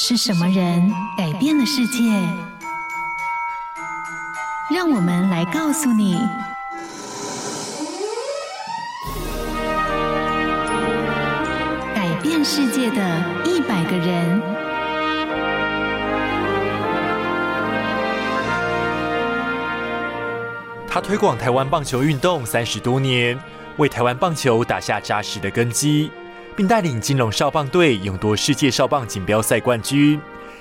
是什麼人改變了世界？讓我們來告訴你：改變世界的一百個人。他推廣台灣棒球運動三十多年，為台灣棒球打下扎實的根基。並帶領金龍少棒隊勇奪世界少棒錦標賽冠軍，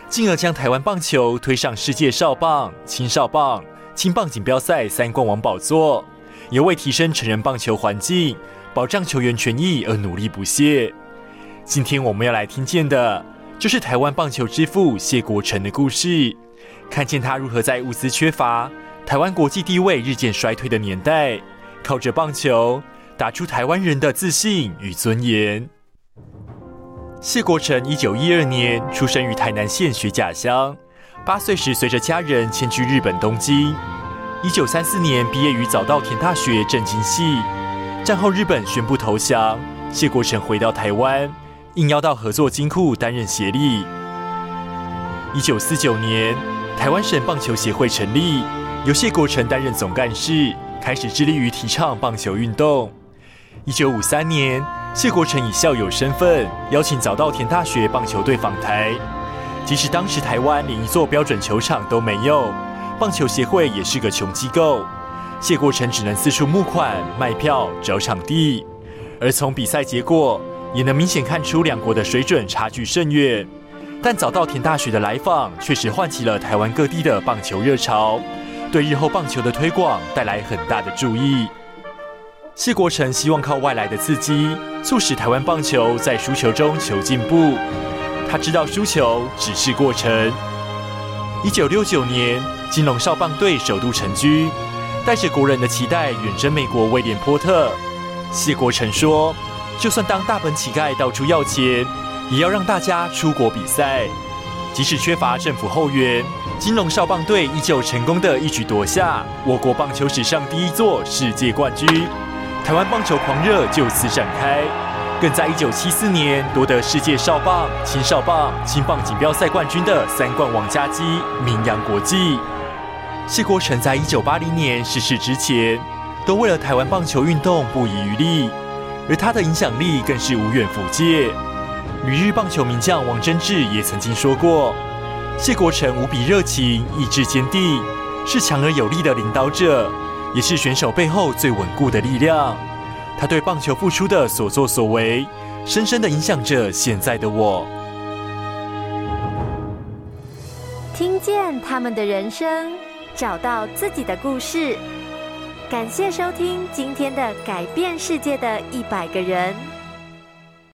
進而將台灣棒球推上世界少棒、青少棒、青棒錦標賽三冠王寶座，也為提升成人棒球環境、保障球員權益而努力不懈。今天我們要來聽見的就是台灣棒球之父謝國城的故事，看見他如何在物資缺乏、台灣國際地位日漸衰退的年代，靠着棒球，打出台灣人的自信與尊嚴。謝國城一九一二年出生於台南縣學甲鄉，八歲時隨着家人遷居日本東京。一九三四年畢業於早稻田大學政經系。戰後日本宣布投降，謝國城回到台灣，應邀到合作金庫擔任協力。一九四九年，台灣省棒球協會成立，由謝國城擔任總幹事，開始致力於提倡棒球運動。一九五三年，謝國城以校友身份邀請早稻田大學棒球隊訪台，即使當時台灣連一座標準球場都沒有，棒球協會也是個窮機構，謝國城只能四處募款、賣票、找場地，而從比賽結果也能明顯看出兩國的水準差距甚遠。但早稻田大學的來訪確實喚起了台灣各地的棒球熱潮，對日後棒球的推廣帶來很大的助益。謝國城希望靠外來的刺激，促使台灣棒球在輸球中求進步。他知道輸球只是過程。一九六九年，金龍少棒隊首度成軍，帶着國人的期待遠征美國威廉波特。謝國城說：“就算當大本乞丐到處要錢，也要讓大家出國比賽。”即使缺乏政府後援，金龍少棒隊依舊成功地一舉奪下我國棒球史上第一座世界冠軍。台灣棒球狂熱就此展開，更在一九七四年奪得世界少棒、青少棒、青棒錦標賽冠軍的三冠王佳績名揚國際。謝國城在一九八零年逝世之前，都為了台灣棒球運動不遺餘力，而他的影響力更是無遠弗屆。旅日棒球名將王貞治也曾經說過，謝國城無比熱情、意志堅定，是強而有力的領導者。也是選手背後最穩固的力量。他對棒球付出的所作所為，深深的影響着現在的我。聽見他們的人生，找到自己的故事。感謝收聽今天的《改變世界的一百個人》。